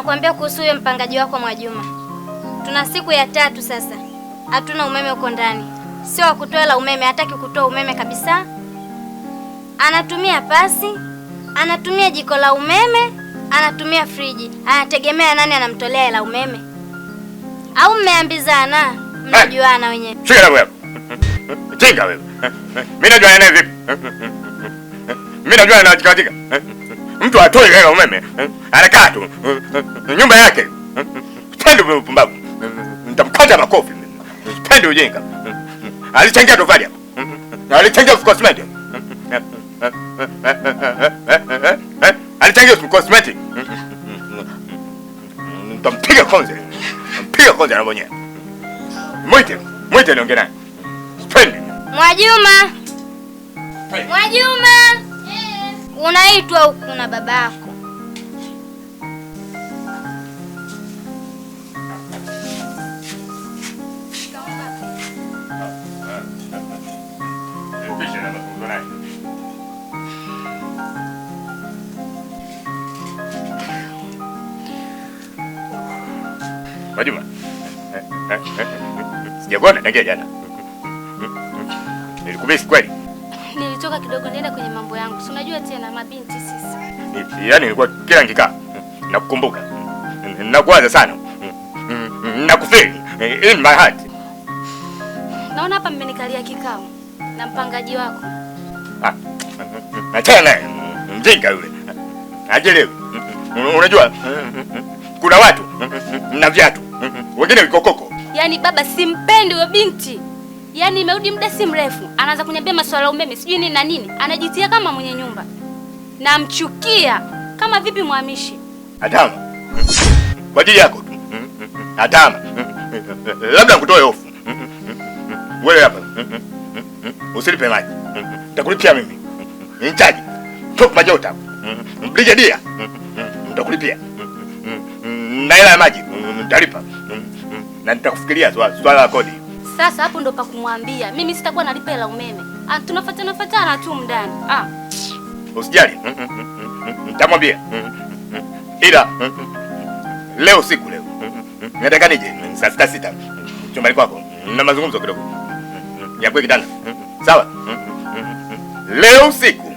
Nakwambia kuhusu huyo mpangaji wako Mwajuma, tuna siku ya tatu sasa, hatuna umeme huko ndani. Sio wa kutoela umeme, hataki kutoa umeme kabisa. Anatumia pasi, anatumia jiko la umeme, anatumia friji, anategemea nani anamtolea hela umeme? Au mmeambizana, mnajuana wenyewe? Mimi najua naye vipi? Mimi najuana na katika mtu atoe hela umeme, eh, anakaa tu eh, eh, nyumba yake. Sipendi mpumbavu, nitamkata makofi. Sipendi ujinga. Alichangia tofali hapa, alichangia cosmetic, alichangia cosmetic. Nitampiga konze, nitampiga konze na mwenyewe. Mwite, mwite niongee naye. Sipendi Mwajuma, Mwajuma unaitwa huku na babako. Juma, eh, eh, eh. sijakuona tangia jana, nilikubesi kweli kidogo nienda kwenye mambo yangu, si unajua tena mabinti sisi. Yaani nilikuwa kila nikikaa nakukumbuka, nakuwaza sana, nakufeli in my heart. Naona hapa mmenikalia kikao na mpangaji wako. Ah, achana naye, mjinga yule, ajelewe. Unajua kuna watu na viatu, wengine vikokoko. Yaani baba, simpendi huyo binti. Yaani imerudi muda si mrefu, anaanza kuniambia masuala ya umeme sijui nini na nini, anajitia kama mwenye nyumba. Namchukia kama vipi mwamishi Adama, kwa ajili yako tu. Adama, labda nikutoe hofu. Wewe hapa usilipe maji, nitakulipia mimi. Ni mtaji top majota, brigadia, nitakulipia na hela ya maji nitalipa, na nitakufikiria swala la kodi sasa hapo ndo pa pakumwambia mimi sitakuwa nalipa hela umeme. Ah, tunafatana fatana tu mdani. Ah. Usijali. Nitamwambia. Ila leo siku leo. Mm, mm, mm. Nataka nije saa sita sita. Chumbani kwako. Na mazungumzo kidogo. Ya kweli kitanda. Sawa? Leo siku.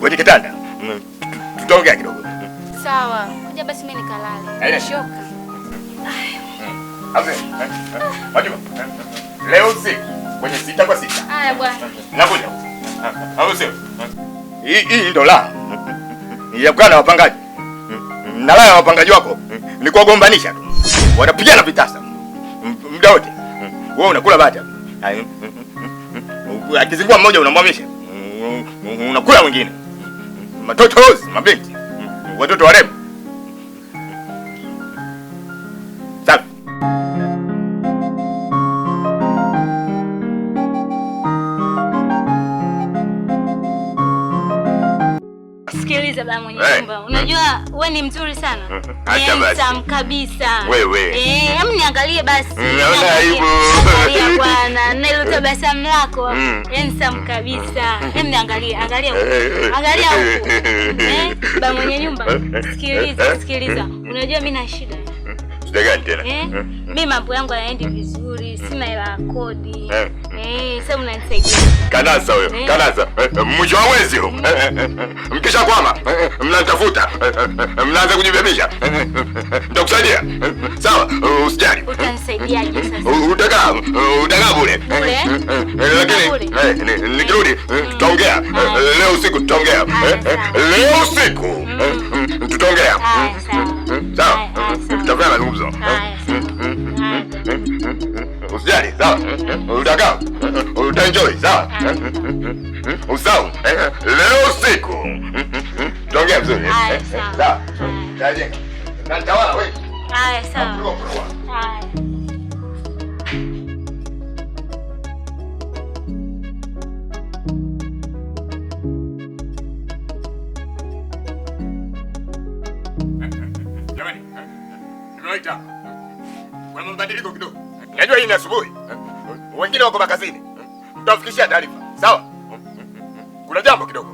Kwenye kitanda. Tutaongea kidogo. Sawa. Kuja basi mimi nikalale. Nishoka. Majuma, eh, eh, eh. leo siku kwenye sita kwa sita. Haya bwana. Nakuja. Ah, ah, au sio? Hii ndo la ya kukaa na wapangaji na la wapangaji wako ni kuwagombanisha tu, wanapigana vitasa muda wote. Wewe unakula bata, akizingua mmoja unamwamisha, unakula mwingine. Matoto mabinti, watoto warembo unajua wewe ni mzuri sana. Mm, mm. Acha basi. Sam kabisa. Wewe. Eh, hebu niangalie basi. Mm, naona aibu. Bwana, na ile tabasamu lako. Yaani Sam kabisa. Hebu niangalie, angalia huko. Eh, eh. Angalia huko. Eh, ba mwenye nyumba. Eh, sikiliza, sikiliza. Unajua mimi na shida. Shida gani tena? Eh? Mimi mambo yangu hayaendi vizuri vizuri, sina hela ya kodi. Eh, eh sasa unanisaidia. Kanasa huyo, eh. kanasa. Eh, mwisho wa mwezi huo. Mkisha kwama, mnanitafuta. Mnaanza kujivamisha. Nitakusaidia. Sawa, usijali. Utanisaidiaje sasa? Utakaa, utakaa bure. Lakini nikirudi tutaongea. Leo usiku tutaongea. Leo usiku mm. tutaongea. Sawa. Tutafanya mazungumzo usijali, sawa. Utakaa, utaenjoy, sawa. Usau leo usiku tongea vizuri, sawa. Tajenga na wewe. Haya, sawa. jioni na asubuhi, wengine wako makazini. Mtawafikishia taarifa sawa. Kuna jambo kidogo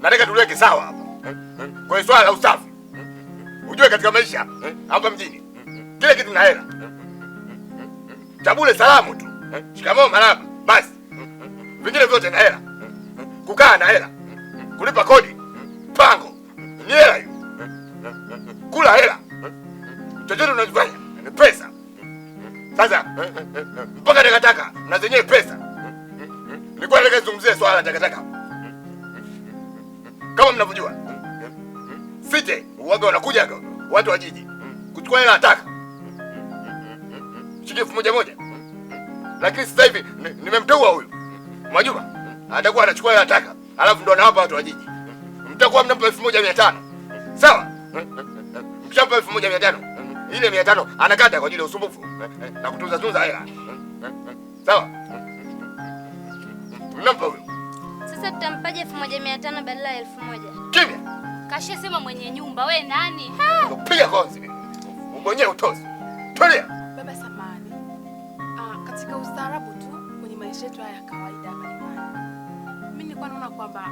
nataka tuliweke sawa hapa kwenye swala la usafi. Ujue katika maisha hapa mjini kile kitu na hela, chabule salamu tu, shikamoo maraba, basi vingine vyote na hela, kukaa na hela, kulipa kodi, pango ni hela hiyo, kula hela, chochote unajifanya ni pesa. Sasa eh, eh, eh, mpaka takataka na zenyewe pesa. Nilikuwa nataka nizungumzie swala la takataka. Kama mnavyojua, site uwaga wanakuja watu wa jiji kuchukua hela taka shilingi elfu moja moja, lakini sasa hivi nimemteua huyu Mwajuma, atakuwa anachukua hela taka alafu ndo anawapa watu wa jiji. Mtakuwa mnampa elfu moja mia tano sawa? Mkishampa elfu moja mia tano ile mia tano anakata kwa ajili ya usumbufu eh, eh, eh, na kutunza tunza hela. Sawa, mm, mm, mm, nampa huyo. Sasa tutampaje elfu moja mia tano badala ya elfu moja? Kimya, kashe sema mwenye nyumba. We nani? Piga konzi mwenyewe utozi. Tulia baba, samani. Ah, katika ustaarabu tu kwenye maisha yetu haya ya kawaida hapa nyumbani, mimi nilikuwa naona kwamba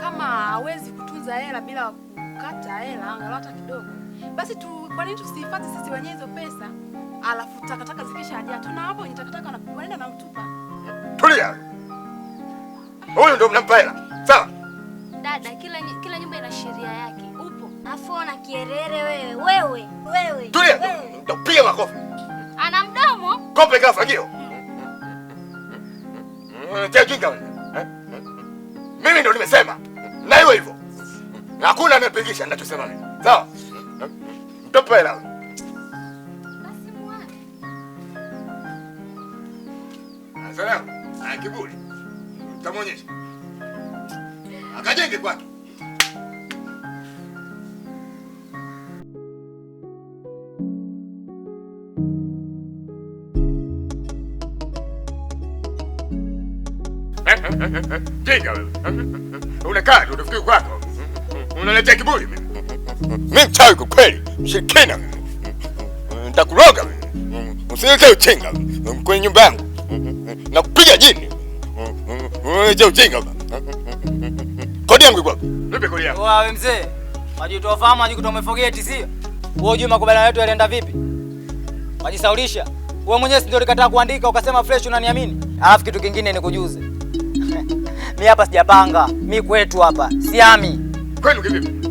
kama hawezi kutunza hela bila kukata hela angalau hata kidogo basi tu, kwa nini tusihifadhi sisi wenyewe hizo pesa, alafu takataka zikishajaa tuna hapo wenye takataka na kuenda na mtupa. Tulia, huyu ndio mnampa hela sawa? Dada, kila kila nyumba ina sheria yake. Upo afona kierere wewe wewe wewe, tulia, nitapiga makofi. Ana mdomo kope kama fagio. Mm, eh? Mimi ndio nimesema na hiyo hivyo, hakuna anayepigisha ninachosema mimi, sawa? Mtampa hela. Haya ah, ah, kiburi. Mtamwonyesha. Akajenge kwake. Jenga wewe. Unakaa tu unafikiri kwako. Unaletea kiburi mimi. Mimi mchawi kwa kweli, mshirikina. Nitakuroga. Usilete uchinga kwenye nyumba yangu. Nakupiga jini. Je, uchinga. Kodi yangu kwako. Nipe kodi yangu. Wewe mzee. Maji tuwafahamu, maji kutoa umefogeti sio? Wewe unajua makubaliano yetu yalienda vipi? Majisaulisha. Wewe mwenyewe si ndio ulikataa kuandika ukasema fresh unaniamini? Alafu kitu kingine nikujuze. mi hapa sijapanga. mi kwetu hapa. Siami. Kwenu kivipi?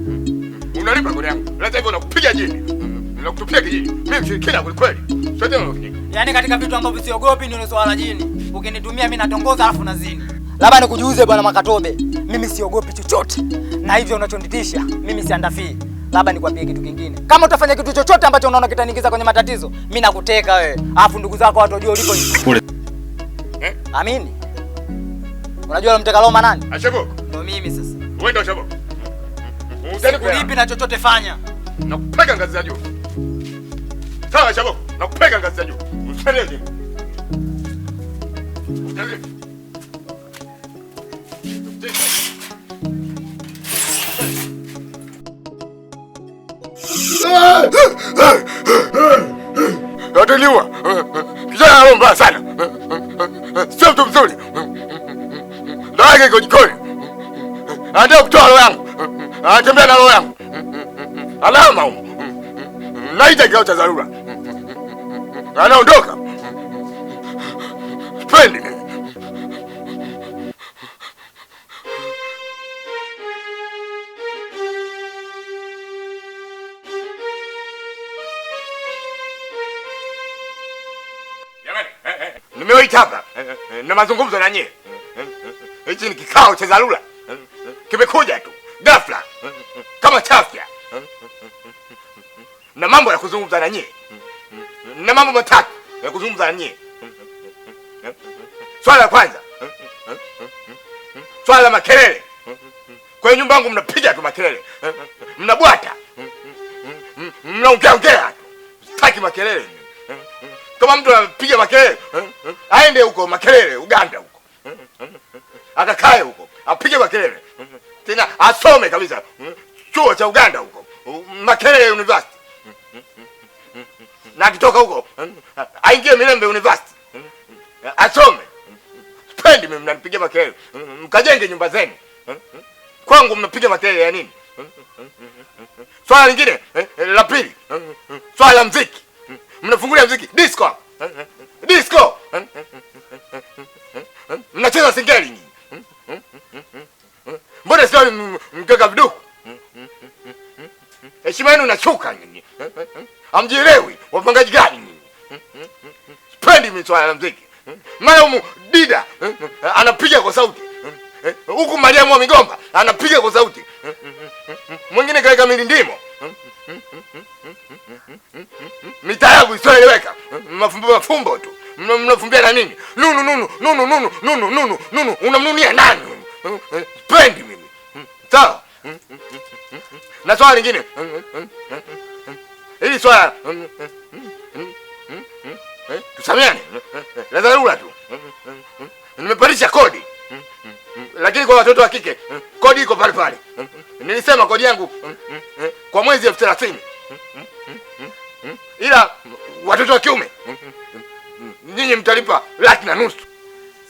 unalipa kodi yangu. Lazima hivyo nakupiga jini. Mm, Nakutupia kijini. Mimi mshirikina kweli kweli. Sio tena unafikia. Yaani katika vitu ambavyo siogopi ndio swala jini. Ukinitumia mimi natongoza alafu nazini. Labda nikujuze bwana Makatobe. Mimi siogopi chochote. Na hivyo unachonitisha mimi siandafii. Labda nikwambie kitu kingine. Kama utafanya kitu chochote ambacho unaona kitaniingiza kwenye matatizo, mimi nakuteka wewe. Alafu ndugu zako watu wajue uliko hivi. Eh? Amini. Unajua mteka Roma nani? Ashabo. Ndio mimi sasa. Wewe ndio Ashabo. Usikulipi yaani na chochote fanya. Nakupeka ngazi ya juu. Sawa Shabo, nakupeka ngazi ya juu. Usiende. Usiende. Natuliwa kijana mbaya sana, sio mtu mzuri. Ndio iko jikoni, anataka kutoa roho yangu. Anatembea na roho yangu. Alama Naita kikao cha dharura. Anaondoka. Eh, eh. Nimewaita hapa eh, na mazungumzo na nyie. Hichi ni kikao cha dharura. Kimekuja tu ghafla kama chafya na mambo ya kuzungumza na nyie, na mambo matatu ya kuzungumza na nyie. Swala la kwanza, swala la makelele. Kwenye nyumba yangu mnapiga tu makelele, mnabwata, mnaongeaongea tu, sitaki makelele. Kama mtu anapiga makelele aende huko makelele aingie Mirembe University asome, sipendi mimi, mnanipigia makelele, mkajenge nyumba zenu. Kwangu mnapiga makelele ya nini? Swala lingine la pili, swala la mziki, mnafungulia mziki disco, disco mnacheza singeli nyinyi. Mbona sio mkeka viduku? Heshima yenu inachuka nyinyi, hamjielewi wapangaji gani? mimi swala la muziki Mariamu Dida eh, anapiga kwa sauti eh, huku, Mariamu wa Migomba anapiga kwa sauti, mwingine kaweka milindimo. Mita yangu isiyoeleweka, mafumbo mafumbo tu mnafumbia na nini? Nunu nunu nunu nunu nunu nunu nunu, unamnunia nani? Pendi mimi sawa. Na swala lingine hili swala eh, tusamiane la dharura tu, nimepandisha kodi lakini kwa watoto wa kike kodi iko pale pale. Nilisema kodi yangu kwa mwezi elfu thelathini ila watoto wa kiume nyinyi mtalipa laki na nusu.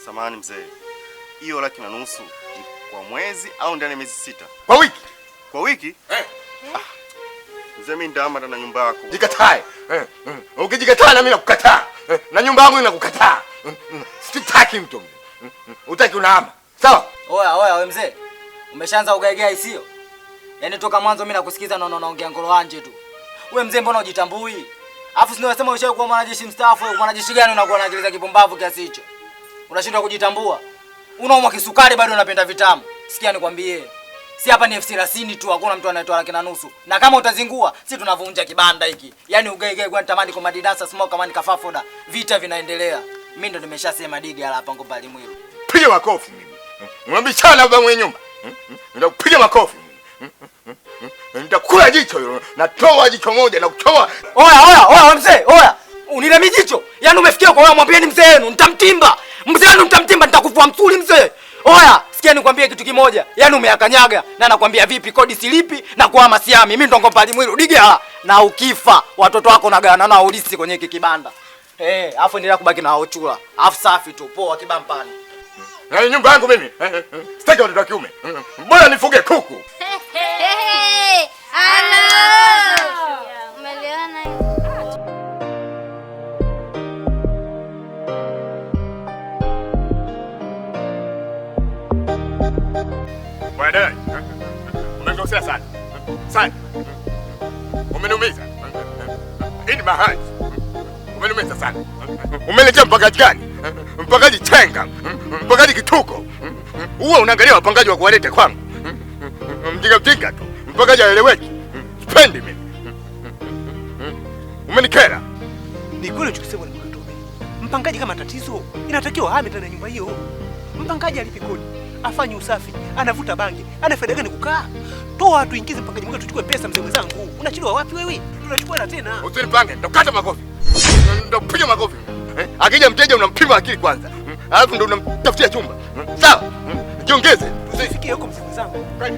Samahani mzee, hiyo laki na nusu kwa mwezi au ndani ya miezi sita? Kwa wiki. Kwa wiki eh? Ah, mzee, mimi ndaambatana na nyumba yako. Jikatae eh, eh. Ukijikataa na mimi nakukataa. Eh, na nyumba yangu inakukataa, mm, mm, sitaki mtu mm, utaki, unaama sawa. Oya oya, we mzee, umeshaanza ugaegea isio, yaani toka mwanzo mimi nakusikiza na unaongea ngoro anje tu. We mzee, mbona ujitambui? Alafu unasema ushawahi kuwa mwanajeshi mstaafu. Mwanajeshi gani unakuwa unaangeleza kipumbavu kiasi hicho? Unashindwa kujitambua, unaumwa kisukari, bado unapenda vitamu. Sikia nikwambie Si hapa ni elfu thelathini tu, hakuna mtu anayetoa laki na nusu. Na kama utazingua, si tunavunja kibanda hiki. Yaani ugege gwan tamani kwa madidasa smoke kama nikafafoda. Vita vinaendelea. Mimi ndo nimeshasema digi ala hapa ngo bali mwili. Piga makofi mimi. Unabishana baba mwenye nyumba. Nitakupiga makofi. Nitakula jicho hilo. Natoa jicho moja na kutoa. Oya oya oya mzee, oya. Unilemi mijicho. Yaani umefikia kwa wewe ni mzee wenu nitamtimba. Mzee wenu nitamtimba nitakuvua msuli mzee. Oya, Sikia nikwambie kitu kimoja, yaani umeakanyaga na nakwambia vipi, kodi silipi na kuhama siami. Mimi ndo ngompali mwili udigala, na ukifa watoto wako unagana na ulisi kwenye hiki kibanda eh, hey, afu endelea kubaki na waochula, afu safi tu poa kibampani na eh, hey, nyumba yangu mimi hey, eh, eh, hey, sitaki watoto wa kiume, mbona nifuge kuku hey, hey, hey. mpangaji gani? Mpangaji chenga, mpangaji kituko. uwe unaangalia wapangaji wa kuwaleta kwangu, mjinga mjinga tu, mpangaji aeleweki. Sipendi mimi, umenikera. Ni kweli ulichosema, mpangaji kama tatizo inatakiwa hame tena nyumba hiyo. Mpangaji alipe kodi, afanye usafi, anavuta bangi, ana faida gani kukaa? Toa tuingize mpangaji mwingine, tuchukue pesa. Mzee mwenzangu, unachiliwa wapi wewe? Tunachukua tena, usinipange, ndo kata makofi, ndo piga makofi eh? Akija mteja unampima akili kwanza, hmm, alafu ndo unamtafutia chumba hmm, sawa. Hmm, jiongeze, sikia huko mzungu zangu.